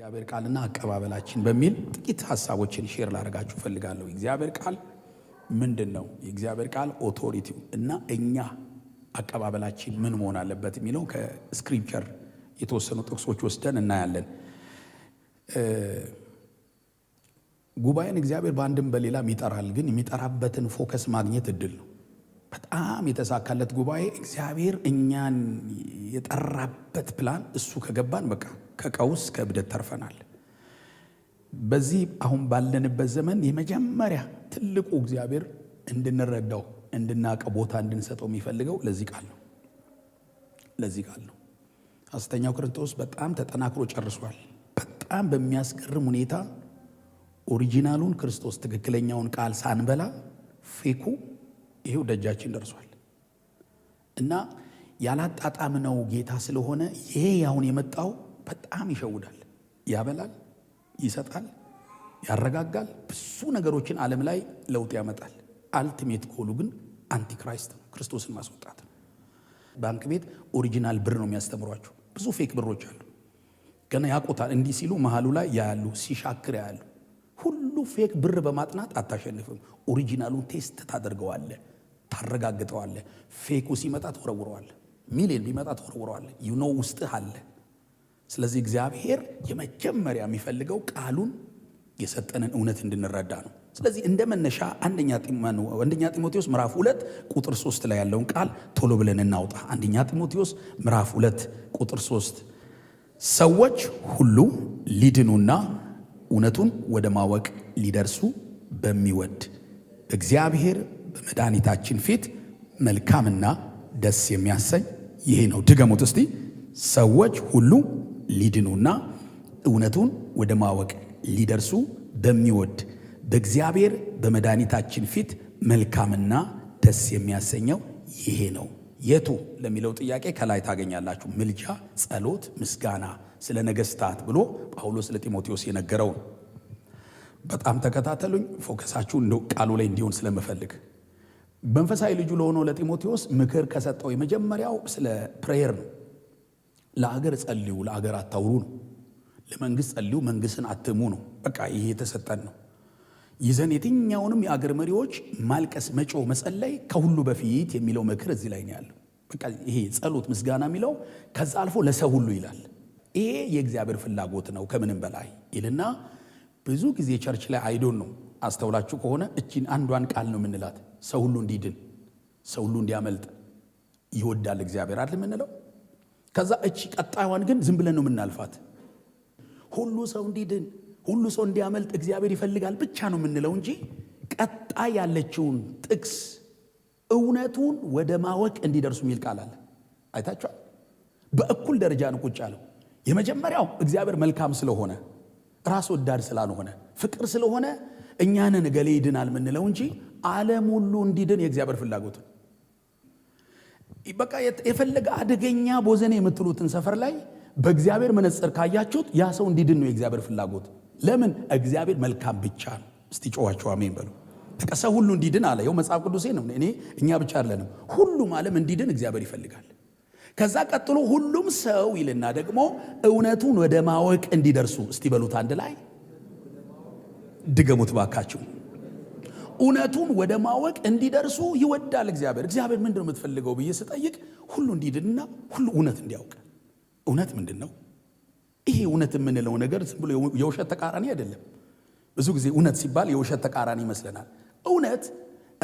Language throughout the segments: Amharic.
እግዚአብሔር ቃልና አቀባበላችን በሚል ጥቂት ሀሳቦችን ሼር ላደርጋችሁ እፈልጋለሁ። እግዚአብሔር ቃል ምንድን ነው? የእግዚአብሔር ቃል ኦቶሪቲው እና እኛ አቀባበላችን ምን መሆን አለበት የሚለው ከስክሪፕቸር የተወሰኑ ጥቅሶች ወስደን እናያለን። ጉባኤን እግዚአብሔር በአንድም በሌላም ይጠራል። ግን የሚጠራበትን ፎከስ ማግኘት እድል ነው። በጣም የተሳካለት ጉባኤ እግዚአብሔር እኛን የጠራበት ፕላን እሱ ከገባን በቃ ከቀውስ ከእብደት ተርፈናል። በዚህ አሁን ባለንበት ዘመን የመጀመሪያ ትልቁ እግዚአብሔር እንድንረዳው እንድናቀ ቦታ እንድንሰጠው የሚፈልገው ለዚህ ቃል ነው። ለዚህ ቃል ነው። ሐሰተኛው ክርስቶስ በጣም ተጠናክሮ ጨርሷል። በጣም በሚያስገርም ሁኔታ ኦሪጂናሉን ክርስቶስ ትክክለኛውን ቃል ሳንበላ ፌኩ ይሄው ደጃችን ደርሷል እና ያላጣጣምነው ጌታ ስለሆነ ይሄ ያሁን የመጣው በጣም ይሸውዳል፣ ያበላል፣ ይሰጣል፣ ያረጋጋል፣ ብዙ ነገሮችን ዓለም ላይ ለውጥ ያመጣል። አልቲሜት ኮሉ ግን አንቲክራይስት ነው፣ ክርስቶስን ማስወጣት ነው። ባንክ ቤት ኦሪጂናል ብር ነው የሚያስተምሯቸው። ብዙ ፌክ ብሮች አሉ። ገና ያቆታል። እንዲህ ሲሉ መሀሉ ላይ ያያሉ፣ ሲሻክር ያያሉ። ሁሉ ፌክ ብር በማጥናት አታሸንፍም። ኦሪጂናሉን ቴስት ታደርገዋለ፣ ታረጋግጠዋለ። ፌኩ ሲመጣ ተወረውረዋል። ሚሊዮን ቢመጣ ተወረውረዋል። ዩኖ ውስጥህ አለ። ስለዚህ እግዚአብሔር የመጀመሪያ የሚፈልገው ቃሉን የሰጠንን እውነት እንድንረዳ ነው። ስለዚህ እንደ መነሻ አንደኛ ጢሞቴዎስ ምዕራፍ ሁለት ቁጥር ሶስት ላይ ያለውን ቃል ቶሎ ብለን እናውጣ። አንደኛ ጢሞቴዎስ ምዕራፍ ሁለት ቁጥር ሶስት ሰዎች ሁሉ ሊድኑና እውነቱን ወደ ማወቅ ሊደርሱ በሚወድ እግዚአብሔር በመድኃኒታችን ፊት መልካምና ደስ የሚያሰኝ ይሄ ነው። ድገሙት እስቲ። ሰዎች ሁሉ ሊድኑና እውነቱን ወደ ማወቅ ሊደርሱ በሚወድ በእግዚአብሔር በመድኃኒታችን ፊት መልካምና ደስ የሚያሰኘው ይሄ ነው። የቱ ለሚለው ጥያቄ ከላይ ታገኛላችሁ። ምልጃ፣ ጸሎት፣ ምስጋና ስለ ነገስታት ብሎ ጳውሎስ ለጢሞቴዎስ የነገረው ነው። በጣም ተከታተሉኝ። ፎከሳችሁ እንደው ቃሉ ላይ እንዲሆን ስለምፈልግ መንፈሳዊ ልጁ ለሆነው ለጢሞቴዎስ ምክር ከሰጠው የመጀመሪያው ስለ ፕሬየር ነው። ለአገር ጸልዩ፣ ለአገር አታውሩ ነው። ለመንግስት ጸልዩ፣ መንግስትን አትሙ ነው። በቃ ይሄ የተሰጠን ነው። ይዘን የትኛውንም የአገር መሪዎች ማልቀስ፣ መጮ፣ መጸለይ ከሁሉ በፊት የሚለው ምክር እዚህ ላይ ነው ያለው። በቃ ይሄ ጸሎት ምስጋና የሚለው ከዛ አልፎ ለሰው ሁሉ ይላል። ይሄ የእግዚአብሔር ፍላጎት ነው ከምንም በላይ ይልና ብዙ ጊዜ ቸርች ላይ አይዶን ነው አስተውላችሁ ከሆነ እቺን አንዷን ቃል ነው የምንላት። ሰው ሁሉ እንዲድን፣ ሰው ሁሉ እንዲያመልጥ ይወዳል እግዚአብሔር አይደል የምንለው። ከዛ እቺ ቀጣይዋን ግን ዝም ብለን ነው የምናልፋት። ሁሉ ሰው እንዲድን፣ ሁሉ ሰው እንዲያመልጥ እግዚአብሔር ይፈልጋል ብቻ ነው የምንለው እንጂ ቀጣይ ያለችውን ጥቅስ እውነቱን ወደ ማወቅ እንዲደርሱ የሚል ቃል አለ። አይታችኋል። በእኩል ደረጃ ነው ቁጭ አለው። የመጀመሪያው እግዚአብሔር መልካም ስለሆነ ራስ ወዳድ ስላልሆነ ፍቅር ስለሆነ እኛንን እገሌ ይድናል ምንለው እንጂ ዓለም ሁሉ እንዲድን የእግዚአብሔር ፍላጎት ነው። በቃ የፈለገ አደገኛ ቦዘኔ የምትሉትን ሰፈር ላይ በእግዚአብሔር መነጽር ካያችሁት ያ ሰው እንዲድን ነው የእግዚአብሔር ፍላጎት። ለምን? እግዚአብሔር መልካም ብቻ ነው። እስቲ ጨዋቸው አሜን በሉ። ሰው ሁሉ እንዲድን አለ። ይኸው መጽሐፍ ቅዱሴ ነው። እኔ እኛ ብቻ አለንም፣ ሁሉም ዓለም እንዲድን እግዚአብሔር ይፈልጋል። ከዛ ቀጥሎ ሁሉም ሰው ይልና ደግሞ እውነቱን ወደ ማወቅ እንዲደርሱ እስቲ በሉት አንድ ላይ ድገሙት ባካችሁ። እውነቱን ወደ ማወቅ እንዲደርሱ ይወዳል እግዚአብሔር። እግዚአብሔር ምንድነው የምትፈልገው ብዬ ስጠይቅ ሁሉ እንዲድና ሁሉ እውነት እንዲያውቅ። እውነት ምንድን ነው? ይሄ እውነት የምንለው ነገር ዝም ብሎ የውሸት ተቃራኒ አይደለም። ብዙ ጊዜ እውነት ሲባል የውሸት ተቃራኒ ይመስለናል። እውነት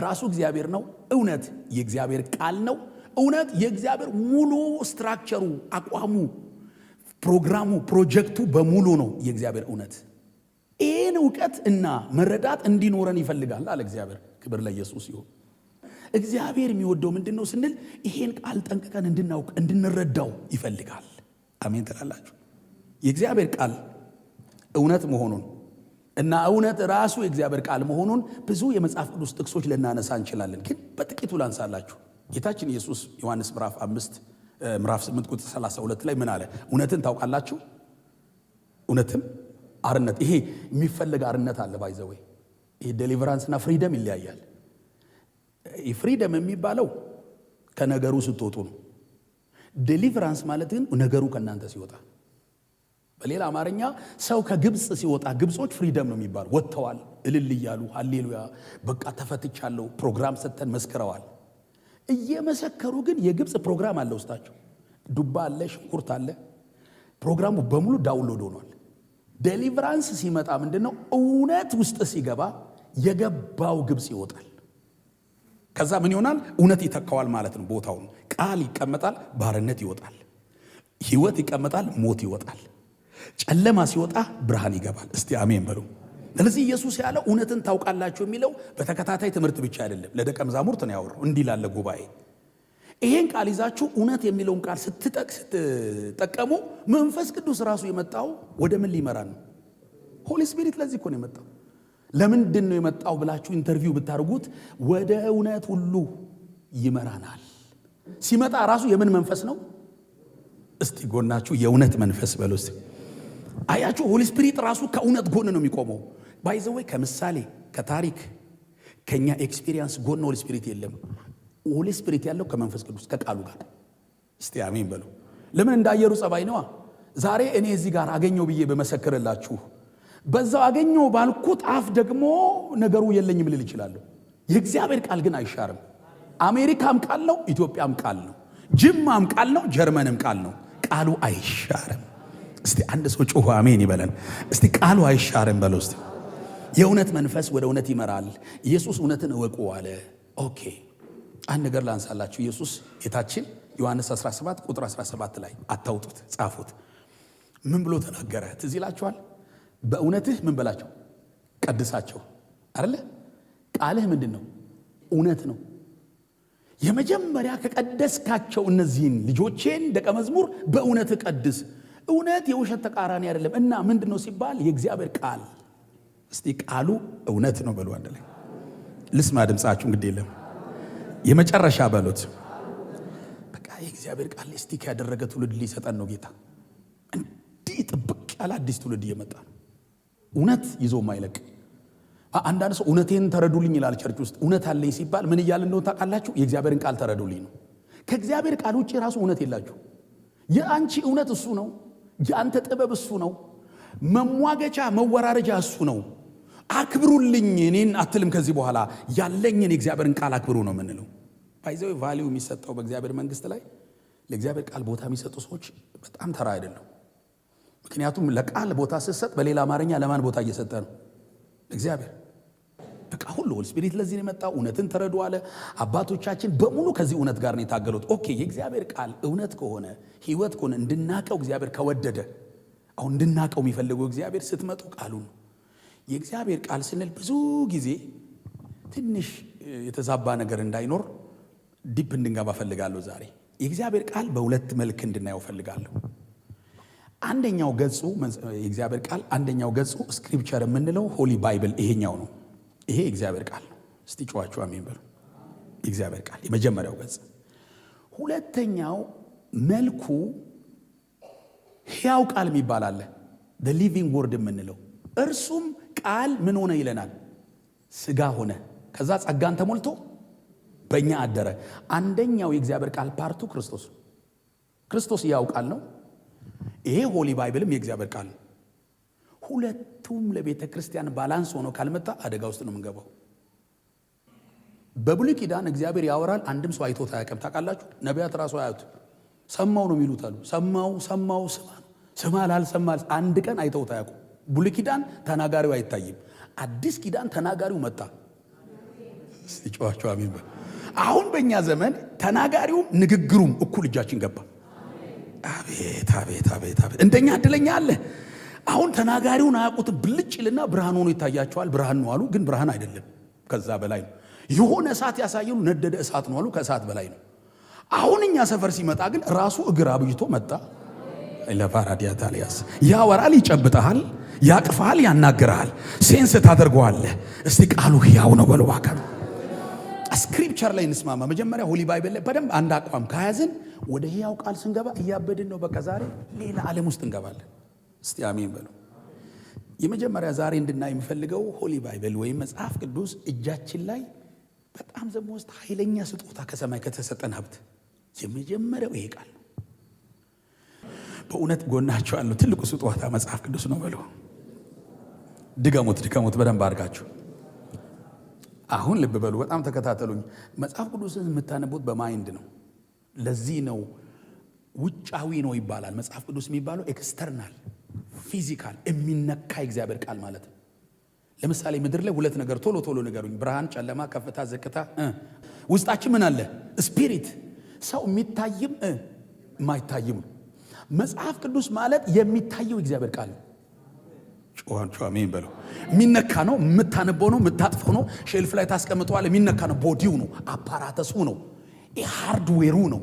ራሱ እግዚአብሔር ነው። እውነት የእግዚአብሔር ቃል ነው። እውነት የእግዚአብሔር ሙሉ ስትራክቸሩ፣ አቋሙ፣ ፕሮግራሙ፣ ፕሮጀክቱ በሙሉ ነው የእግዚአብሔር እውነት። ይህን እውቀት እና መረዳት እንዲኖረን ይፈልጋል አለ እግዚአብሔር። ክብር ለኢየሱስ ይሁን። እግዚአብሔር የሚወደው ምንድን ነው ስንል ይሄን ቃል ጠንቅቀን እንድናውቅ እንድንረዳው ይፈልጋል። አሜን ትላላችሁ። የእግዚአብሔር ቃል እውነት መሆኑን እና እውነት ራሱ የእግዚአብሔር ቃል መሆኑን ብዙ የመጽሐፍ ቅዱስ ጥቅሶች ልናነሳ እንችላለን፣ ግን በጥቂቱ ላንሳላችሁ። ጌታችን ኢየሱስ ዮሐንስ ምራፍ አምስት ምዕራፍ ስምንት ቁጥር ሰላሳ ሁለት ላይ ምን አለ? እውነትን ታውቃላችሁ፣ እውነትም አርነት። ይሄ የሚፈለግ አርነት አለ። ባይዘወይ ይሄ ዴሊቨራንስና ፍሪደም ይለያያል። ፍሪደም የሚባለው ከነገሩ ስትወጡ ነው። ዴሊቨራንስ ማለት ግን ነገሩ ከእናንተ ሲወጣ፣ በሌላ አማርኛ ሰው ከግብፅ ሲወጣ፣ ግብፆች ፍሪደም ነው የሚባሉ ወጥተዋል፣ እልል እያሉ ሀሌሉያ፣ በቃ ተፈትቻለሁ፣ ፕሮግራም ሰጥተን መስክረዋል። እየመሰከሩ ግን የግብፅ ፕሮግራም አለ ውስጣቸው። ዱባ አለ፣ ሽንኩርት አለ። ፕሮግራሙ በሙሉ ዳውንሎድ ሆኗል። ዴሊቨራንስ ሲመጣ ምንድነው ነው? እውነት ውስጥ ሲገባ የገባው ግብፅ ይወጣል። ከዛ ምን ይሆናል? እውነት ይተካዋል ማለት ነው ቦታውን። ቃል ይቀመጣል፣ ባርነት ይወጣል። ህይወት ይቀመጣል፣ ሞት ይወጣል። ጨለማ ሲወጣ ብርሃን ይገባል። እስቲ አሜን በሉ። ስለዚህ ኢየሱስ ያለው እውነትን ታውቃላችሁ የሚለው በተከታታይ ትምህርት ብቻ አይደለም፣ ለደቀ መዛሙርት ነው ያወራው። እንዲህ ላለ ጉባኤ ይሄን ቃል ይዛችሁ እውነት የሚለውን ቃል ስትጠቀሙ መንፈስ ቅዱስ ራሱ የመጣው ወደ ምን ሊመራ ነው? ሆሊ ስፒሪት ለዚህ እኮ ነው የመጣው። ለምንድን ነው የመጣው ብላችሁ ኢንተርቪው ብታደርጉት ወደ እውነት ሁሉ ይመራናል። ሲመጣ ራሱ የምን መንፈስ ነው? እስቲ ጎናችሁ የእውነት መንፈስ በሉ። አያችሁ ሆሊ ስፒሪት ራሱ ከእውነት ጎን ነው የሚቆመው። ባይዘወይ ከምሳሌ ከታሪክ ከኛ ኤክስፒሪየንስ ጎን ሆሊ ስፒሪት የለም። ሆሊ ስፒሪት ያለው ከመንፈስ ቅዱስ ከቃሉ ጋር። እስቲ አሜን በሉ። ለምን እንደ አየሩ ጸባይ ነዋ። ዛሬ እኔ እዚህ ጋር አገኘው ብዬ በመሰክርላችሁ በዛው አገኘው ባልኩት አፍ ደግሞ ነገሩ የለኝም ልል ይችላለሁ የእግዚአብሔር ቃል ግን አይሻርም። አሜሪካም ቃል ነው፣ ኢትዮጵያም ቃል ነው፣ ጅማም ቃል ነው፣ ጀርመንም ቃል ነው። ቃሉ አይሻርም። እስቲ አንድ ሰው ጮሁ አሜን ይበለን። እስቲ ቃሉ አይሻርም በለው እስቲ የእውነት መንፈስ ወደ እውነት ይመራል። ኢየሱስ እውነትን እወቁ አለ። ኦኬ አንድ ነገር ላንሳላችሁ። ኢየሱስ ጌታችን ዮሐንስ 17 ቁጥር 17 ላይ አታውጡት፣ ጻፉት። ምን ብሎ ተናገረ? ትዝ ይላችኋል። በእውነትህ ምን በላቸው ቀድሳቸው አለ። ቃልህ ምንድን ነው? እውነት ነው። የመጀመሪያ ከቀደስካቸው እነዚህን ልጆቼን ደቀ መዝሙር በእውነትህ ቀድስ። እውነት የውሸት ተቃራኒ አይደለም እና ምንድን ነው ሲባል የእግዚአብሔር ቃል እስቲ ቃሉ እውነት ነው በሉ። አንድ ላይ ልስማ ድምፃችሁ። እንግዲህ የለም የመጨረሻ በሉት። በቃ የእግዚአብሔር ቃል ስቲክ ያደረገ ትውልድ ሊሰጠን ነው ጌታ። እንዲህ ጥብቅ ያለ አዲስ ትውልድ እየመጣ ነው። እውነት ይዞ ማይለቅ አንዳንድ ሰው እውነቴን ተረዱልኝ ይላል። ቸርች ውስጥ እውነት አለኝ ሲባል ምን እያለ እንደሆነ ታውቃላችሁ? የእግዚአብሔርን ቃል ተረዱልኝ ነው። ከእግዚአብሔር ቃል ውጭ የራሱ እውነት የላችሁ። የአንቺ እውነት እሱ ነው። የአንተ ጥበብ እሱ ነው። መሟገቻ መወራረጃ እሱ ነው። አክብሩልኝ እኔን አትልም። ከዚህ በኋላ ያለኝን የእግዚአብሔርን ቃል አክብሩ ነው የምንለው። ባይዘው ቫሊዩ የሚሰጠው በእግዚአብሔር መንግስት ላይ ለእግዚአብሔር ቃል ቦታ የሚሰጡ ሰዎች በጣም ተራ አይደለም። ምክንያቱም ለቃል ቦታ ስትሰጥ በሌላ አማርኛ ለማን ቦታ እየሰጠ ነው? ለእግዚአብሔር በቃ ሁሉ ሆል ስፒሪት ለዚህ የመጣው እውነትን ተረዱ አለ። አባቶቻችን በሙሉ ከዚህ እውነት ጋር ነው የታገሉት። ኦኬ የእግዚአብሔር ቃል እውነት ከሆነ ህይወት ከሆነ እንድናቀው እግዚአብሔር ከወደደ አሁን እንድናቀው የሚፈልገው እግዚአብሔር ስትመጡ ቃሉን የእግዚአብሔር ቃል ስንል ብዙ ጊዜ ትንሽ የተዛባ ነገር እንዳይኖር ዲፕ እንድንገባ ፈልጋለሁ። ዛሬ የእግዚአብሔር ቃል በሁለት መልክ እንድናየው ፈልጋለሁ። አንደኛው ገጹ የእግዚአብሔር ቃል አንደኛው ገጹ ስክሪፕቸር የምንለው ሆሊ ባይብል ይሄኛው ነው። ይሄ እግዚአብሔር ቃል ነው። እስቲ ጨዋችሁ አሜን በሉ። የእግዚአብሔር ቃል የመጀመሪያው ገጽ። ሁለተኛው መልኩ ህያው ቃል የሚባል አለ፣ ሊቪንግ ወርድ የምንለው እርሱም ቃል ምን ሆነ ይለናል? ስጋ ሆነ፣ ከዛ ጸጋን ተሞልቶ በእኛ አደረ። አንደኛው የእግዚአብሔር ቃል ፓርቱ ክርስቶስ ነው። ክርስቶስ ያው ቃል ነው። ይሄ ሆሊ ባይብልም የእግዚአብሔር ቃል ነው። ሁለቱም ለቤተ ክርስቲያን ባላንስ ሆኖ ካልመጣ አደጋ ውስጥ ነው የምንገባው። በብሉይ ኪዳን እግዚአብሔር ያወራል፣ አንድም ሰው አይቶት አያውቅም። ታውቃላችሁ፣ ነቢያት ራሱ አያዩት። ሰማው ነው የሚሉት አሉ። ሰማው ሰማው ስማ ስማ ላልሰማ አንድ ቀን አይተውት አያውቁም። ብሉይ ኪዳን ተናጋሪው አይታይም። አዲስ ኪዳን ተናጋሪው መጣ። ጨዋቸው አሜን። አሁን በእኛ ዘመን ተናጋሪውም ንግግሩም እኩል እጃችን ገባ። አቤት አቤት አቤት አቤት! እንደኛ እድለኛ አለ። አሁን ተናጋሪውን አያውቁትም። ይልና ብርሃን ሆኖ ይታያቸዋል። ብርሃን ነው አሉ፣ ግን ብርሃን አይደለም፣ ከዛ በላይ ነው። የሆነ እሳት ያሳየሉ፣ ነደደ እሳት ነው አሉ፣ ከእሳት በላይ ነው። አሁን እኛ ሰፈር ሲመጣ ግን ራሱ እግር አብይቶ መጣ። ለቫራዲያ ታሊያስ ያወራል፣ ይጨብጠሃል፣ ያቅፋል፣ ያናግርሃል፣ ሴንስ ታደርገዋለህ። እስቲ ቃሉ ህያው ነው በለው አካል ስክሪፕቸር ላይ እንስማማ። መጀመሪያ ሆሊ ባይብል ላይ በደንብ አንድ አቋም ከያዝን ወደ ህያው ቃል ስንገባ እያበድን ነው። በቃ ዛሬ ሌላ ዓለም ውስጥ እንገባለን። እስቲ አሜን በሉ። የመጀመሪያ ዛሬ እንድናይ የምፈልገው ሆሊ ባይብል ወይም መጽሐፍ ቅዱስ እጃችን ላይ በጣም ዘ ኃይለኛ ስጦታ ከሰማይ ከተሰጠን ሀብት የመጀመሪያው ይሄ ቃል በእውነት ጎናቸው ያለው ትልቁ ስጦታ መጽሐፍ ቅዱስ ነው በሉ። ድገሙት፣ ድገሙት በደንብ አድርጋችሁ። አሁን ልብ በሉ፣ በጣም ተከታተሉኝ። መጽሐፍ ቅዱስን የምታነቡት በማይንድ ነው። ለዚህ ነው ውጫዊ ነው ይባላል። መጽሐፍ ቅዱስ የሚባለው ኤክስተርናል ፊዚካል የሚነካ እግዚአብሔር ቃል ማለት ነው። ለምሳሌ ምድር ላይ ሁለት ነገር ቶሎ ቶሎ ነገሩኝ ብርሃን፣ ጨለማ፣ ከፍታ፣ ዝቅታ። ውስጣችን ምን አለ? ስፒሪት ሰው የሚታይም ማይታይም ነው። መጽሐፍ ቅዱስ ማለት የሚታየው እግዚአብሔር ቃል ጨዋንቹ በለው። የሚነካ ነው፣ የምታነበው ነው፣ የምታጥፈው ነው፣ ሼልፍ ላይ ታስቀምጠዋል። የሚነካ ነው፣ ቦዲው ነው፣ አፓራተሱ ነው፣ ሃርድዌሩ ነው።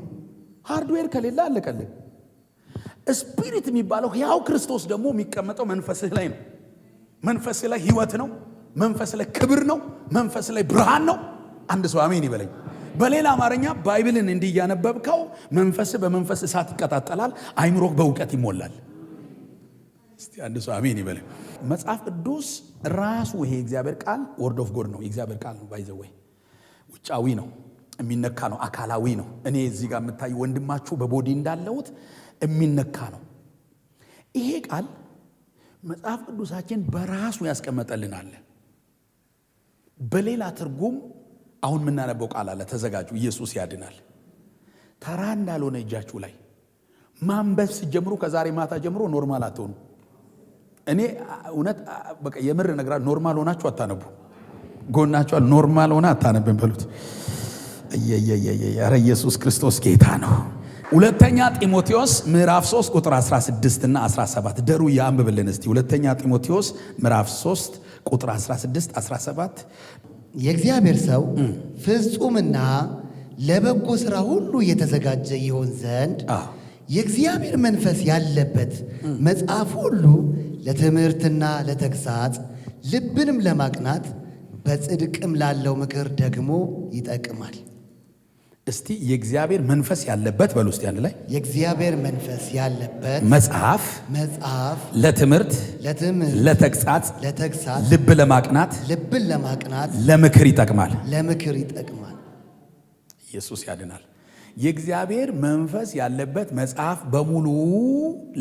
ሃርድዌር ከሌለ አለቀልህ። ስፒሪት የሚባለው ያው ክርስቶስ ደግሞ የሚቀመጠው መንፈስህ ላይ ነው። መንፈስህ ላይ ህይወት ነው። መንፈስ ላይ ክብር ነው። መንፈስ ላይ ብርሃን ነው። አንድ ሰው አሜን ይበለኝ። በሌላ አማርኛ ባይብልን እንዲህ እያነበብከው መንፈስ በመንፈስ እሳት ይቀጣጠላል፣ አይምሮክ በእውቀት ይሞላል። እስቲ አንድ ሰው አሜን ይበል። መጽሐፍ ቅዱስ ራሱ ይሄ እግዚአብሔር ቃል ወርድ ኦፍ ጎድ ነው። የእግዚአብሔር ቃል ነው። ባይዘወይ ውጫዊ ነው፣ የሚነካ ነው፣ አካላዊ ነው። እኔ እዚህ ጋር የምታዩ ወንድማችሁ በቦዲ እንዳለሁት የሚነካ ነው። ይሄ ቃል መጽሐፍ ቅዱሳችን በራሱ ያስቀመጠልናል። በሌላ ትርጉም አሁን የምናነበው ቃል አለ፣ ተዘጋጁ፣ ኢየሱስ ያድናል። ተራ እንዳልሆነ እጃችሁ ላይ ማንበብ ስትጀምሩ ከዛሬ ማታ ጀምሮ ኖርማል አትሆኑ። እኔ እውነት በቃ የምር ነግራ ኖርማል ሆናችሁ አታነቡ። ጎናችሁ ኖርማል ሆነ አታነብን በሉት። ኧረ ኢየሱስ ክርስቶስ ጌታ ነው። ሁለተኛ ጢሞቴዎስ ምዕራፍ 3 ቁጥር 16 እና 17 ደሩ ያንብብልን እስቲ። ሁለተኛ ጢሞቴዎስ ምዕራፍ 3 ቁጥር 16 17 የእግዚአብሔር ሰው ፍጹምና ለበጎ ስራ ሁሉ የተዘጋጀ ይሆን ዘንድ የእግዚአብሔር መንፈስ ያለበት መጽሐፍ ሁሉ ለትምህርትና ለተግሳጽ ልብንም ለማቅናት በጽድቅም ላለው ምክር ደግሞ ይጠቅማል። እስቲ የእግዚአብሔር መንፈስ ያለበት በል ውስጥ አንድ ላይ የእግዚአብሔር መንፈስ ያለበት መጽሐፍ መጽሐፍ ለትምህርት ለትምህርት ለተግሳጽ ለተግሳጽ ልብ ለማቅናት ልብ ለማቅናት ለምክር ይጠቅማል ለምክር ይጠቅማል። ኢየሱስ ያድናል። የእግዚአብሔር መንፈስ ያለበት መጽሐፍ በሙሉ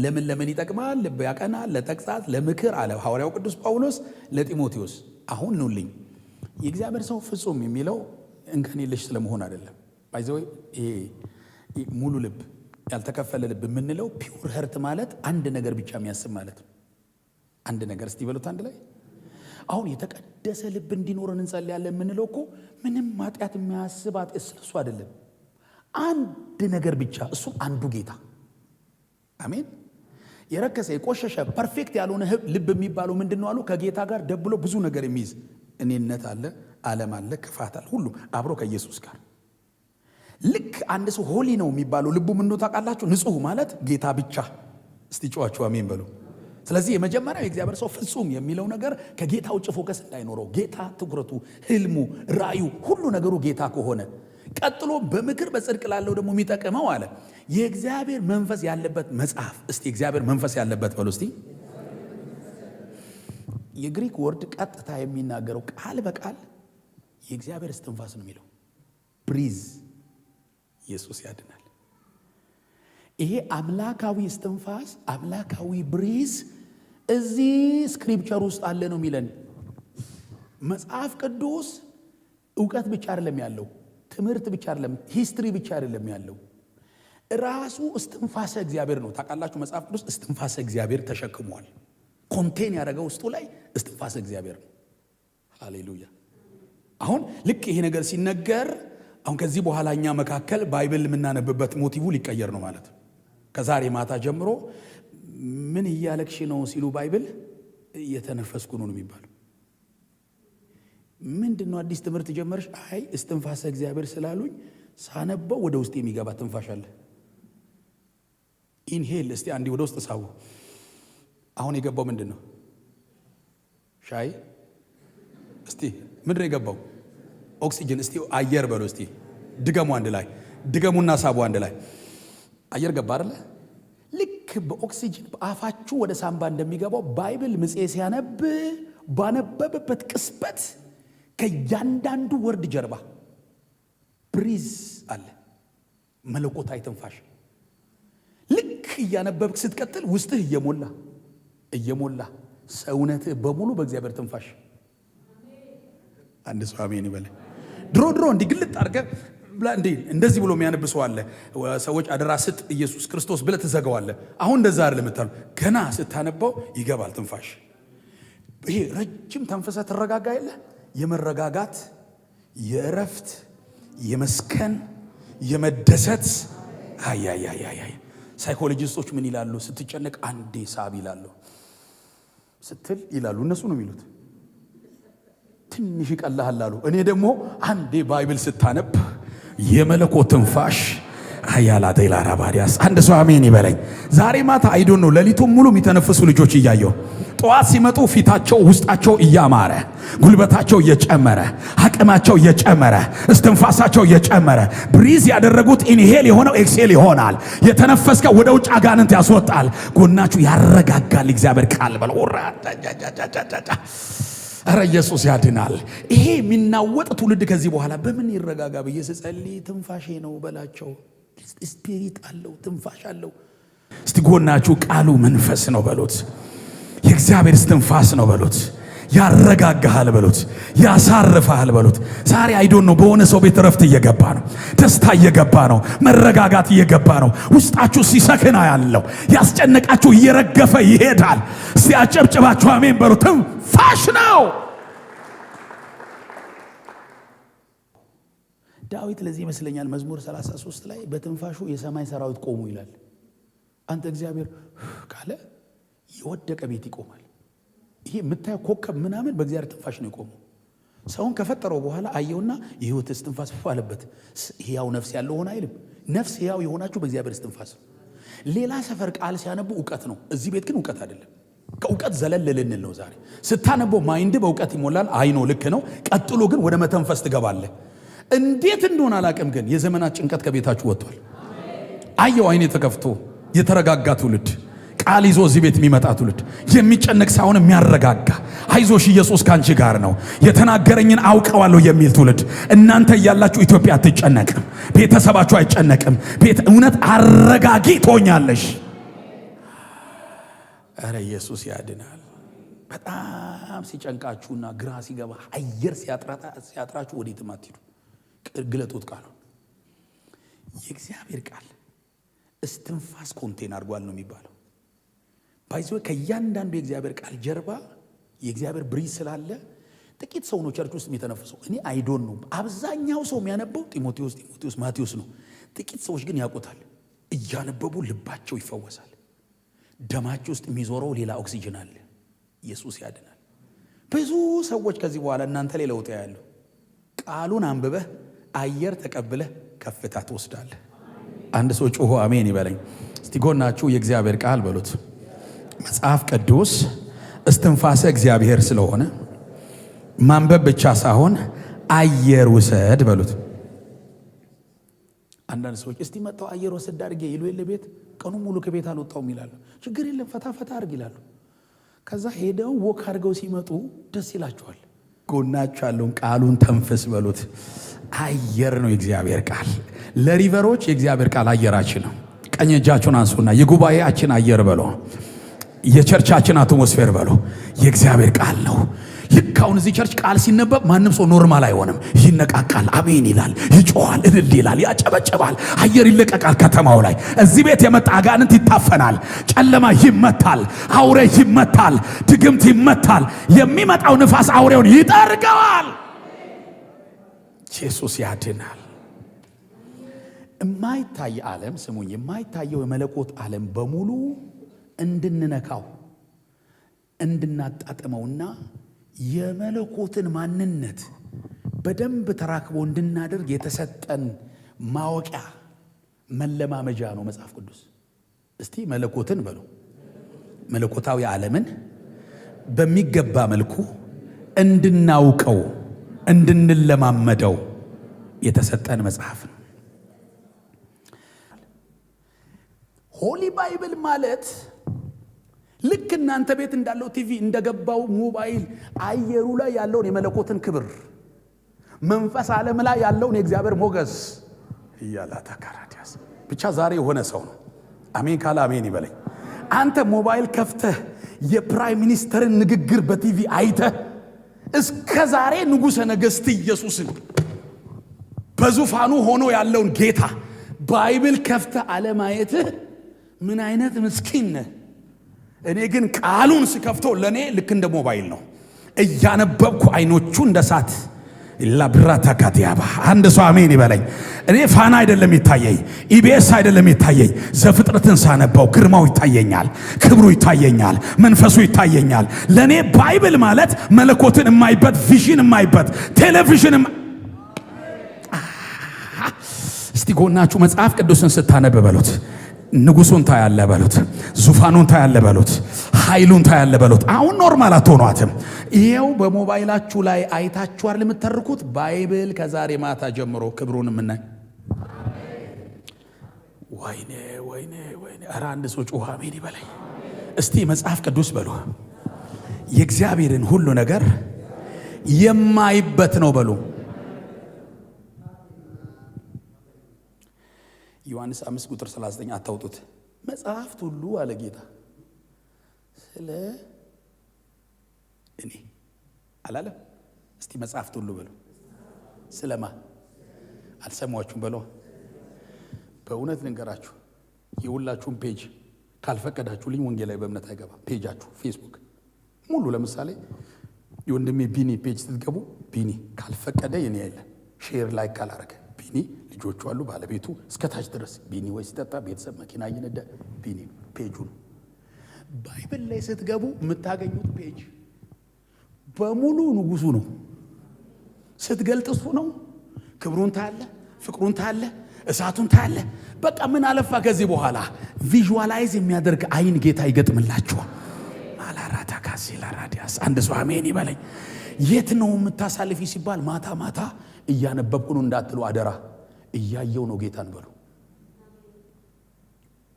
ለምን ለምን ይጠቅማል? ልብ ያቀናል፣ ለተግሳጽ ለምክር አለ ሐዋርያው ቅዱስ ጳውሎስ ለጢሞቴዎስ። አሁን ኑልኝ የእግዚአብሔር ሰው ፍጹም የሚለው እንከን የለሽ ስለመሆን አይደለም ባይዘው ሙሉ ልብ ያልተከፈለ ልብ የምንለው ፒውር ህርት ማለት አንድ ነገር ብቻ የሚያስብ ማለት ነው። አንድ ነገር እስቲ በሉት አንድ ላይ። አሁን የተቀደሰ ልብ እንዲኖረን እንጸልያለን የምንለው እኮ ምንም ማጥያት የሚያስባት እሱ አይደለም፣ አንድ ነገር ብቻ እሱም አንዱ ጌታ። አሜን። የረከሰ የቆሸሸ ፐርፌክት ያልሆነ ልብ የሚባለው ምንድን ነው አሉ? ከጌታ ጋር ደብሎ ብዙ ነገር የሚይዝ እኔነት አለ፣ ዓለም አለ፣ ክፋት አለ፣ ሁሉም አብሮ ከኢየሱስ ጋር ልክ አንድ ሰው ሆሊ ነው የሚባለው ልቡ ምንዶ ታውቃላችሁ? ንጹህ ማለት ጌታ ብቻ። እስቲ ጨዋችሁ አሜን በሉ። ስለዚህ የመጀመሪያው የእግዚአብሔር ሰው ፍጹም የሚለው ነገር ከጌታ ውጭ ፎከስ እንዳይኖረው፣ ጌታ ትኩረቱ፣ ህልሙ፣ ራእዩ፣ ሁሉ ነገሩ ጌታ ከሆነ ቀጥሎ በምክር በጽድቅ ላለው ደግሞ የሚጠቅመው አለ የእግዚአብሔር መንፈስ ያለበት መጽሐፍ። እስቲ እግዚአብሔር መንፈስ ያለበት በሉ እስቲ። የግሪክ ወርድ ቀጥታ የሚናገረው ቃል በቃል የእግዚአብሔር እስትንፋስ ነው የሚለው ብሪዝ ኢየሱስ ያድናል። ይሄ አምላካዊ እስትንፋስ አምላካዊ ብሪዝ እዚህ ስክሪፕቸር ውስጥ አለ ነው የሚለን። መጽሐፍ ቅዱስ እውቀት ብቻ አይደለም ያለው፣ ትምህርት ብቻ አይደለም፣ ሂስትሪ ብቻ አይደለም ያለው ራሱ እስትንፋሰ እግዚአብሔር ነው። ታውቃላችሁ መጽሐፍ ቅዱስ እስትንፋሰ እግዚአብሔር ተሸክሟል። ኮንቴን ያደረገው ውስጡ ላይ እስትንፋሰ እግዚአብሔር ነው። ሃሌሉያ። አሁን ልክ ይሄ ነገር ሲነገር አሁን ከዚህ በኋላ እኛ መካከል ባይብል የምናነብበት ሞቲቡ ሊቀየር ነው ማለት ከዛሬ ማታ ጀምሮ ምን እያለቅሽ ነው ሲሉ ባይብል እየተነፈስኩ ነው ነው የሚባለው። ምንድን ነው አዲስ ትምህርት ጀመርሽ? አይ እስትንፋሰ እግዚአብሔር ስላሉኝ ሳነባው ወደ ውስጥ የሚገባ ትንፋሽ አለ። ኢንሄል እስቲ አንዴ ወደ ውስጥ ሳቡ። አሁን የገባው ምንድን ነው? ሻይ። እስቲ ምንድን ነው የገባው? ኦክሲጅን እስቲ አየር በሉ እስቲ ድገሙ፣ አንድ ላይ ድገሙና ሳቡ አንድ ላይ አየር ገባ አይደለ? ልክ በኦክሲጅን በአፋችሁ ወደ ሳምባ እንደሚገባው ባይብል ምጽ ሲያነብ ባነበበበት ቅስበት ከእያንዳንዱ ወርድ ጀርባ ብሪዝ አለ፣ መለኮታዊ ትንፋሽ። ልክ እያነበብክ ስትቀጥል ውስጥህ እየሞላ እየሞላ ሰውነትህ በሙሉ በእግዚአብሔር ትንፋሽ አንድ ሰው አሜን ድሮ ድሮ እንዲህ ግልጥ አድርገህ እንደዚህ ብሎ የሚያነብ አለ። ሰዎች አደራ ስጥ ኢየሱስ ክርስቶስ ብለ ትዘጋዋለህ። አሁን እንደዛ አይደለም የምታለው። ገና ስታነባው ይገባል ትንፋሽ። ይሄ ረጅም ተንፈሳ ትረጋጋ የለ የመረጋጋት የእረፍት የመስከን የመደሰት አያያያያ ሳይኮሎጂስቶች ምን ይላሉ? ስትጨነቅ አንዴ ሳብ ይላሉ ስትል ይላሉ እነሱ ነው የሚሉት። ትንሽ ይቀልሃል አሉ። እኔ ደግሞ አንዴ ባይብል ስታነብ የመለኮ ትንፋሽ አያላተ ባዲያስ አንድ ሰው አሜን ይበለኝ። ዛሬ ማታ አይዶ ነው ሌሊቱን ሙሉ የሚተነፍሱ ልጆች እያየው ጠዋት ሲመጡ ፊታቸው ውስጣቸው እያማረ ጉልበታቸው እየጨመረ አቅማቸው እየጨመረ እስትንፋሳቸው እየጨመረ ብሪዝ ያደረጉት ኢንሄል የሆነው ኤክሴል ይሆናል። የተነፈስከ ወደ ውጭ አጋንንት ያስወጣል። ጎናችሁ ያረጋጋል። እግዚአብሔር ቃል በለው ራ እረ ኢየሱስ ያድናል። ይሄ የሚናወጥ ትውልድ ከዚህ በኋላ በምን ይረጋጋ ብዬ ስጸልይ ትንፋሼ ነው በላቸው። ስፒሪት አለው ትንፋሽ አለው። እስቲ ጎናችሁ ቃሉ መንፈስ ነው በሉት። የእግዚአብሔር ስትንፋስ ነው በሉት። ያረጋጋሃል በሉት፣ ያሳርፈሃል በሉት። ዛሬ አይዶን ነው በሆነ ሰው ቤት ረፍት እየገባ ነው፣ ደስታ እየገባ ነው፣ መረጋጋት እየገባ ነው። ውስጣችሁ ሲሰክና ያለው ያስጨነቃችሁ እየረገፈ ይሄዳል። ሲያጨብጭባችሁ አሜን በሉት። ትንፋሽ ነው። ዳዊት ለዚህ ይመስለኛል መዝሙር 33 ላይ በትንፋሹ የሰማይ ሰራዊት ቆሙ ይላል። አንተ እግዚአብሔር ካለ የወደቀ ቤት ይቆማል። ይሄ የምታየው ኮከብ ምናምን በእግዚአብሔር ትንፋሽ ነው የቆመው። ሰውን ከፈጠረው በኋላ አየውና የህይወት እስትንፋስ ፍ አለበት። ህያው ነፍስ ያለው ሆነ አይልም። ነፍስ ህያው የሆናችሁ በእግዚአብሔር እስትንፋስ። ሌላ ሰፈር ቃል ሲያነቡ እውቀት ነው፣ እዚህ ቤት ግን እውቀት አይደለም። ከእውቀት ዘለል ልንል ነው ዛሬ። ስታነበው ማይንድ በእውቀት ይሞላል። አይኖ ልክ ነው። ቀጥሎ ግን ወደ መተንፈስ ትገባለህ። እንዴት እንደሆነ አላቅም፣ ግን የዘመናት ጭንቀት ከቤታችሁ ወጥቷል። አየው አይኔ ተከፍቶ የተረጋጋ ትውልድ ቃል ይዞ እዚህ ቤት የሚመጣ ትውልድ የሚጨነቅ ሳይሆን የሚያረጋጋ አይዞሽ ኢየሱስ ከአንቺ ጋር ነው የተናገረኝን አውቀዋለሁ የሚል ትውልድ። እናንተ እያላችሁ ኢትዮጵያ አትጨነቅም፣ ቤተሰባችሁ አይጨነቅም። ቤት እውነት አረጋጊ ትሆኛለሽ። ኧረ ኢየሱስ ያድናል። በጣም ሲጨንቃችሁና ግራ ሲገባ አየር ሲያጥራችሁ ወዴትም አትሄዱ። ግለጡት ቃሉ የእግዚአብሔር ቃል እስትንፋስ ኮንቴን አድርጓል ነው የሚባለው። ባይዘ ከእያንዳንዱ የእግዚአብሔር ቃል ጀርባ የእግዚአብሔር ብሪዝ ስላለ ጥቂት ሰው ነው ቸርች ውስጥ የሚተነፍሰው። እኔ አይዶን ነው። አብዛኛው ሰው የሚያነበው ጢሞቴዎስ፣ ጢሞቴዎስ፣ ማቴዎስ ነው። ጥቂት ሰዎች ግን ያውቁታል። እያነበቡ ልባቸው ይፈወሳል። ደማቸው ውስጥ የሚዞረው ሌላ ኦክሲጅን አለ። ኢየሱስ ያድናል። ብዙ ሰዎች ከዚህ በኋላ እናንተ ላይ ለውጥ ያሉ ቃሉን አንብበህ አየር ተቀብለህ ከፍታ ትወስዳለህ። አንድ ሰው ጩሆ አሜን ይበለኝ። እስቲ ጎናችሁ የእግዚአብሔር ቃል በሉት። መጽሐፍ ቅዱስ እስትንፋሰ እግዚአብሔር ስለሆነ ማንበብ ብቻ ሳይሆን አየር ውሰድ በሉት። አንዳንድ ሰዎች እስቲ መጣው አየር ወሰድ አድርጌ ይሉ የለ ቤት ቀኑ ሙሉ ከቤት አልወጣውም ይላሉ። ችግር የለም ፈታ ፈታ አድርግ ይላሉ። ከዛ ሄደው ወክ አድርገው ሲመጡ ደስ ይላቸዋል። ጎናችሁ ያለውን ቃሉን ተንፍስ በሉት። አየር ነው የእግዚአብሔር ቃል። ለሪቨሮች የእግዚአብሔር ቃል አየራችን ነው። ቀኝ እጃችሁን አንሱና የጉባኤያችን አየር በለ የቸርቻችን አትሞስፌር በሉ የእግዚአብሔር ቃል ነው። ልክ አሁን እዚህ ቸርች ቃል ሲነበብ ማንም ሰው ኖርማል አይሆንም። ይነቃቃል፣ አሜን ይላል፣ ይጮዋል፣ እልል ይላል፣ ያጨበጭባል፣ አየር ይለቀቃል ከተማው ላይ። እዚህ ቤት የመጣ አጋንንት ይታፈናል፣ ጨለማ ይመታል፣ አውሬ ይመታል፣ ድግምት ይመታል። የሚመጣው ንፋስ አውሬውን ይጠርገዋል። ኢየሱስ ያድናል። የማይታይ ዓለም ስሙኝ፣ የማይታየው የመለኮት ዓለም በሙሉ እንድንነካው እንድናጣጥመውና የመለኮትን ማንነት በደንብ ተራክቦ እንድናደርግ የተሰጠን ማወቂያ መለማመጃ ነው መጽሐፍ ቅዱስ። እስቲ መለኮትን በሉ፣ መለኮታዊ ዓለምን በሚገባ መልኩ እንድናውቀው እንድንለማመደው የተሰጠን መጽሐፍ ነው። ሆሊ ባይብል ማለት ልክ እናንተ ቤት እንዳለው ቲቪ እንደገባው ሞባይል አየሩ ላይ ያለውን የመለኮትን ክብር መንፈስ ዓለም ላይ ያለውን የእግዚአብሔር ሞገስ እያላ ብቻ ዛሬ የሆነ ሰው ነው። አሜን ካለ አሜን ይበለኝ። አንተ ሞባይል ከፍተህ የፕራይም ሚኒስተርን ንግግር በቲቪ አይተህ እስከ ዛሬ ንጉሠ ነገሥት ኢየሱስን በዙፋኑ ሆኖ ያለውን ጌታ ባይብል ከፍተህ አለማየትህ ምን አይነት ምስኪን ነህ? እኔ ግን ቃሉን ስከፍተው ለእኔ ልክ እንደ ሞባይል ነው እያነበብኩ አይኖቹ እንደ ሳት ላብራታ ካቲያባ አንድ ሰው አሜን ይበለኝ። እኔ ፋና አይደለም ይታየኝ፣ ኢቢኤስ አይደለም ይታየኝ። ዘፍጥረትን ሳነባው ግርማው ይታየኛል፣ ክብሩ ይታየኛል፣ መንፈሱ ይታየኛል። ለእኔ ባይብል ማለት መለኮትን የማይበት ቪዥን የማይበት ቴሌቪዥን እስቲ ጎናችሁ መጽሐፍ ቅዱስን ስታነብ በሉት ንጉሱን ታያለ በሉት፣ ዙፋኑን ታያለ በሉት፣ ኃይሉን ታያለ በሉት። አሁን ኖርማል አትሆኗትም። ይሄው በሞባይላችሁ ላይ አይታችኋል የምተርኩት ባይብል ከዛሬ ማታ ጀምሮ ክብሩን የምናይ ወይኔ ወይኔ ወይኔ! ኧረ አንድ ሰው ጮኸ አሜን እስቲ። መጽሐፍ ቅዱስ በሉ የእግዚአብሔርን ሁሉ ነገር የማይበት ነው በሉ ዮሐንስ 5 ቁጥር 39 አታውጡት። መጽሐፍት ሁሉ አለ ጌታ ስለ እኔ አላለም። እስቲ መጽሐፍት ሁሉ በሉ ስለማ አልሰማችሁም በለ። በእውነት ልንገራችሁ የሁላችሁን ፔጅ ካልፈቀዳችሁልኝ ላይ በእምነት አይገባ። ፔጃችሁ ፌስቡክ ሙሉ ለምሳሌ የወንድሜ ቢኒ ፔጅ ስትገቡ ቢኒ ካልፈቀደ የኔ የለ ሼር ላይ ካላረገ ቢኒ ልጆቹ አሉ፣ ባለቤቱ እስከ ታች ድረስ ቢኒ ወይ ሲጠጣ ቤተሰብ መኪና እየነዳ ቢኒ ፔጁ ነው። ባይብል ላይ ስትገቡ የምታገኙት ፔጅ በሙሉ ንጉሱ ነው። ስትገልጥ እሱ ነው። ክብሩን ታለ፣ ፍቅሩን ታለ፣ እሳቱን ታለ። በቃ ምን አለፋ ከዚህ በኋላ ቪዥዋላይዝ የሚያደርግ አይን ጌታ ይገጥምላችኋል። አላራታ ካሴ ላራዲያስ አንድ ሰው አሜን ይበለኝ። የት ነው የምታሳልፊ ሲባል ማታ ማታ እያነበብኩ ነው እንዳትሉ አደራ። እያየው ነው ጌታን በሉ።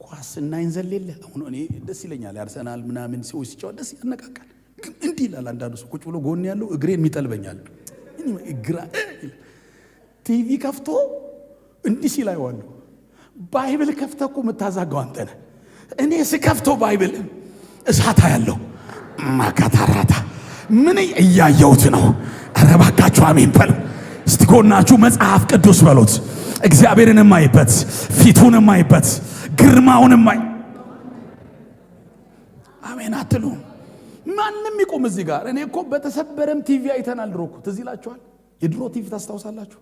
ኳስ እናይን ዘል አሁን እኔ ደስ ይለኛል። ያርሰናል ምናምን ሰዎች ሲጫወት ደስ ያነቃቃል። ግን እንዲህ ይላል አንዳንዱ ሰው ቁጭ ብሎ ጎን ያለው እግሬን የሚጠልበኛል ግራ ቲቪ ከፍቶ እንዲህ ሲል አየዋለሁ። ባይብል ከፍተህ እኮ የምታዛጋው አንተ ነህ። እኔ ስከፍቶ ባይብል እሳታ ያለው ማካታራታ ምን እያየሁት ነው? ኧረ እባካችሁ አሜን በሉ። እስቲ ጎናችሁ መጽሐፍ ቅዱስ በሉት። እግዚአብሔርን የማይበት ፊቱን የማይበት ግርማውን የማይ አሜን አትሉ። ማንም ይቆም እዚህ ጋር። እኔ እኮ በተሰበረም ቲቪ አይተናል። ድሮ እኮ ትዝ ይላችኋል። የድሮ ቲቪ ታስታውሳላችሁ።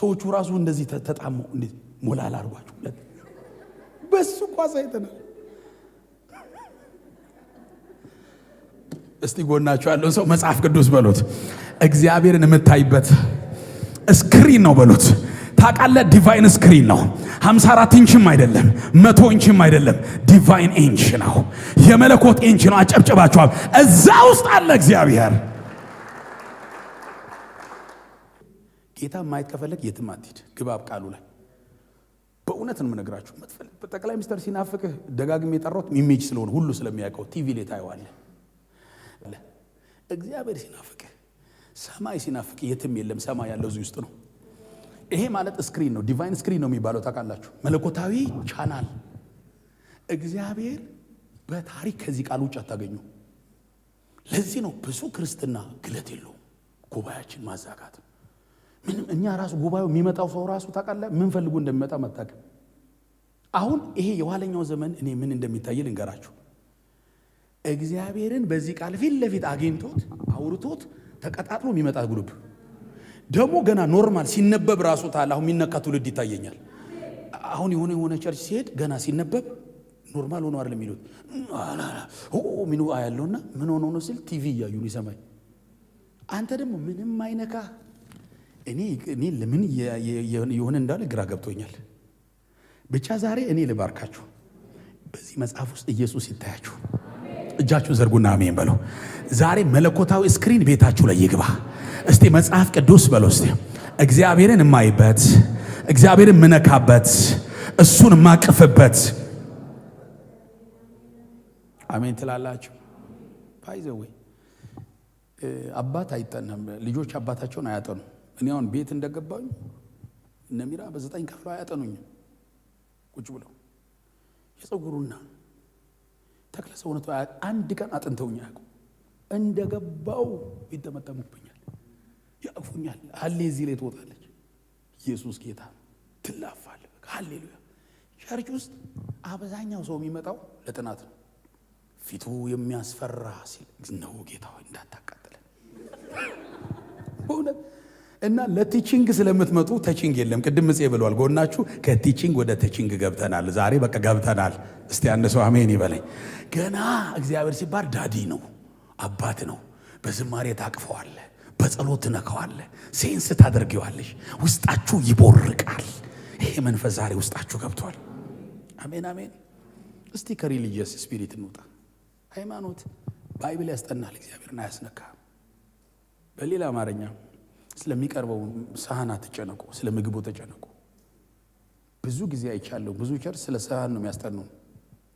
ሰዎቹ ራሱ እንደዚህ ተጣመው እንዴ ሞላ አላርጓችሁ ሁለት በሱ ኳስ አይተናል። እስቲ ጎናችሁ ያለው ሰው መጽሐፍ ቅዱስ በሎት እግዚአብሔርን የምታይበት ስክሪን ነው በሎት። ታቃለ ዲቫይን ስክሪን ነው። 54 ኢንችም አይደለም፣ መቶ ኢንችም አይደለም፣ ዲቫይን ኢንች ነው። የመለኮት ኢንች ነው። አጨብጭባችኋል። እዛ ውስጥ አለ እግዚአብሔር። ጌታ ማየት ከፈለግ የትም አትሂድ። ግባብ ቃሉ ላይ በእውነት ነው የምነግራችሁ። ጠቅላይ ሚኒስትር ሲናፍቅህ ደጋግሜ የጠራሁት ኢሜጅ ስለሆነ ሁሉ ስለሚያውቀው ቲቪ ላይ ታየዋለህ። እግዚአብሔር ሲናፍቅህ ሰማይ ሲናፍቅህ የትም የለም። ሰማይ ያለው እዚህ ውስጥ ነው። ይሄ ማለት ስክሪን ነው፣ ዲቫይን ስክሪን ነው የሚባለው ታውቃላችሁ። መለኮታዊ ቻናል እግዚአብሔር በታሪክ ከዚህ ቃል ውጭ አታገኙ። ለዚህ ነው ብዙ ክርስትና ግለት የለውም። ጉባኤያችን ማዛጋት ምንም እኛ ራሱ ጉባኤው የሚመጣው ሰው ራሱ ታውቃለ ምን ፈልጎ እንደሚመጣ መታቀም። አሁን ይሄ የኋለኛው ዘመን እኔ ምን እንደሚታይ ልንገራችሁ። እግዚአብሔርን በዚህ ቃል ፊት ለፊት አግኝቶት አውርቶት ተቀጣጥሎ የሚመጣ ግሩፕ ደግሞ ገና ኖርማል ሲነበብ ራሱ ታላ አሁን የሚነካ ትውልድ ይታየኛል። አሁን የሆነ የሆነ ቸርች ሲሄድ ገና ሲነበብ ኖርማል ሆኖ አይደለም የሚሉት ሚኑ ያለውና ምን ሆኖ ነው ስል ቲቪ እያዩ ነው አንተ ደግሞ ምንም አይነካ። እኔ እኔ ለምን የሆነ እንዳለ ግራ ገብቶኛል። ብቻ ዛሬ እኔ ልባርካችሁ በዚህ መጽሐፍ ውስጥ ኢየሱስ ይታያችሁ። እጃችሁን ዘርጉና አሜን በሉ። ዛሬ መለኮታዊ ስክሪን ቤታችሁ ላይ ይግባ። እስቲ መጽሐፍ ቅዱስ በሉ እስቲ እግዚአብሔርን የማይበት እግዚአብሔርን ምነካበት እሱን የማቅፍበት አሜን ትላላችሁ። ፓይዘዌ አባት አይጠናም። ልጆች አባታቸውን አያጠኑ። እኔ አሁን ቤት እንደገባኝ እነሚራ በዘጠኝ ከፍለው አያጠኑኝም ቁጭ ብለው የፀጉሩና ተክለ ሰውነቱ አንድ ቀን አጥንተውኝ ያቁ እንደገባው ይጠመጠሙብኛል፣ ያቅፉኛል። ሀሌ እዚህ ላይ ትወጣለች። ኢየሱስ ጌታ ትላፋል። ሀሌሉያ። ቸርች ውስጥ አብዛኛው ሰው የሚመጣው ለጥናት ነው። ፊቱ የሚያስፈራ ሲል ነው ጌታ እንዳታቃጥለን በእውነት እና ለቲቺንግ ስለምትመጡ ተቺንግ የለም። ቅድም ምጽ ብለዋል ጎናችሁ ከቲቺንግ ወደ ተቺንግ ገብተናል። ዛሬ በቃ ገብተናል። እስቲ አንድ ሰው አሜን ይበለኝ። ገና እግዚአብሔር ሲባል ዳዲ ነው፣ አባት ነው። በዝማሬ ታቅፈዋለ፣ በጸሎት ትነከዋለ፣ ሴንስ ታደርጊዋለሽ። ውስጣችሁ ይቦርቃል። ይሄ መንፈስ ዛሬ ውስጣችሁ ገብቷል። አሜን አሜን። እስቲ ከሪሊጂየስ ስፒሪት እንውጣ። ሃይማኖት ባይብል ያስጠናል፣ እግዚአብሔርን አያስነካም። በሌላ አማርኛ ስለሚቀርበው ሳህን አትጨነቁ፣ ስለ ምግቡ ተጨነቁ። ብዙ ጊዜ አይቻለሁ። ብዙ ቸር ስለ ሳህን ነው የሚያስጠኑ።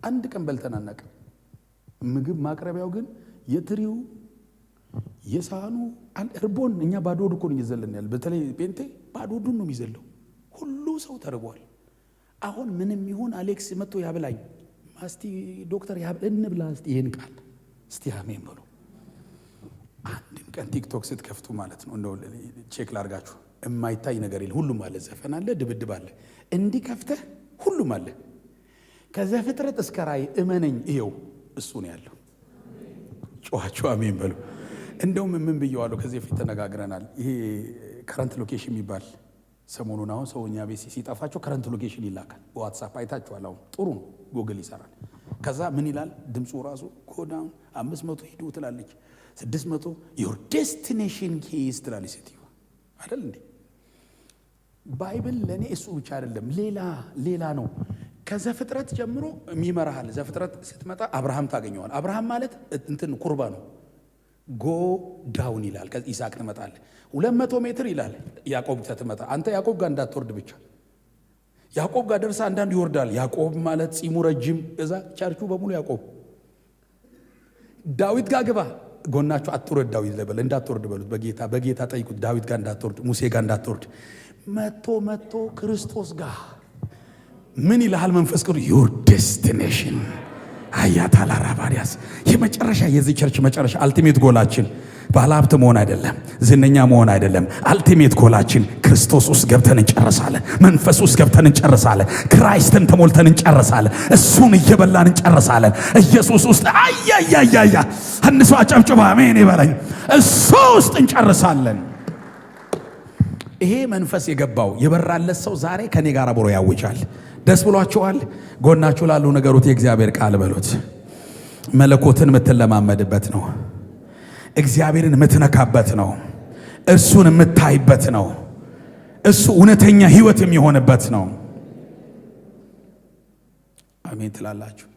አንድ ቀን በልተን አናውቅም። ምግብ ማቅረቢያው ግን የትሪው የሳህኑ እርቦን፣ እኛ ባዶ ወድ እኮ ነው እየዘለን ያለ። በተለይ ጴንቴ ባዶ ወዱን ነው የሚዘለው። ሁሉ ሰው ተርቧል። አሁን ምንም ይሁን አሌክስ መጥቶ ያብላኝ፣ እስቲ ዶክተር ያብል እንብላ፣ እስቲ ይህን ቃል እስቲ አሜን በሉ አንድም ቀን ቲክቶክ ስትከፍቱ ማለት ነው እንደው ቼክ ላርጋችሁ የማይታይ ነገር የለ። ሁሉም አለ፣ ዘፈን አለ፣ ድብድብ አለ። እንዲህ ከፍተህ ሁሉም አለ። ከዘፍጥረት እስከ ራእይ እመነኝ፣ ይኸው እሱ ነው ያለው። ጨዋችሁ አሜን በሉ። እንደውም ምን ብየዋለሁ ከዚህ በፊት ተነጋግረናል። ይሄ ከረንት ሎኬሽን የሚባል ሰሞኑን አሁን ሰው እኛ ቤት ሲጠፋቸው ከረንት ሎኬሽን ይላካል በዋትሳፕ አይታችኋል። አሁን ጥሩ ነው፣ ጎግል ይሰራል። ከዛ ምን ይላል ድምፁ ራሱ ጎዳውን አምስት መቶ ሂዱ ትላለች ስድስት መቶ ዮር ዴስቲኔሽን ሂዝ ትላለች ሴትዮ አይደል እንዴ? ባይብል ለእኔ እሱ ብቻ አይደለም፣ ሌላ ሌላ ነው። ከዘፍጥረት ጀምሮ የሚመራሃል። ዘፍጥረት ስትመጣ አብርሃም ታገኘዋል። አብርሃም ማለት እንትን ኩርባ ነው። ጎ ዳውን ይላል። ይስሐቅ ትመጣለ። ሁለት መቶ ሜትር ይላል። ያዕቆብ ትመጣ። አንተ ያዕቆብ ጋር እንዳትወርድ ብቻ ያዕቆብ ጋር ደርሳ አንዳንድ ይወርዳል። ያዕቆብ ማለት ጺሙ ረጅም፣ እዛ ቻርቹ በሙሉ ያዕቆብ። ዳዊት ጋር ግባ ጎናችሁ አትውረድ ዳዊት ላይ እንዳትወርድ በሉት። በጌታ በጌታ ጠይቁት። ዳዊት ጋር እንዳትወርድ፣ ሙሴ ጋር እንዳትወርድ። መቶ መቶ ክርስቶስ ጋር ምን ይልሃል መንፈስ ቅዱስ? ዩር ዴስቲኔሽን አያታ ላራባሪያስ የመጨረሻ የዚህ ቸርች መጨረሻ አልቲሜት ጎላችን ባለሀብት መሆን አይደለም፣ ዝነኛ መሆን አይደለም። አልቲሜት ጎላችን ክርስቶስ ውስጥ ገብተን እንጨርሳለን። መንፈስ ውስጥ ገብተን እንጨርሳለን። ክራይስትን ተሞልተን እንጨርሳለን። እሱን እየበላን እንጨርሳለን። ኢየሱስ ውስጥ አያያያያ አንሱ ጨብጭባ ሜን ይበለኝ። እሱ ውስጥ እንጨርሳለን። ይሄ መንፈስ የገባው የበራለት ሰው ዛሬ ከኔ ጋር አብሮ ያውጃል። ደስ ብሏችኋል? ጎናችሁ ላሉ ነገሩት የእግዚአብሔር ቃል በሉት። መለኮትን የምትለማመድበት ነው። እግዚአብሔርን የምትነካበት ነው። እርሱን የምታይበት ነው። እሱ እውነተኛ ህይወት የሚሆንበት ነው። አሜን ትላላችሁ።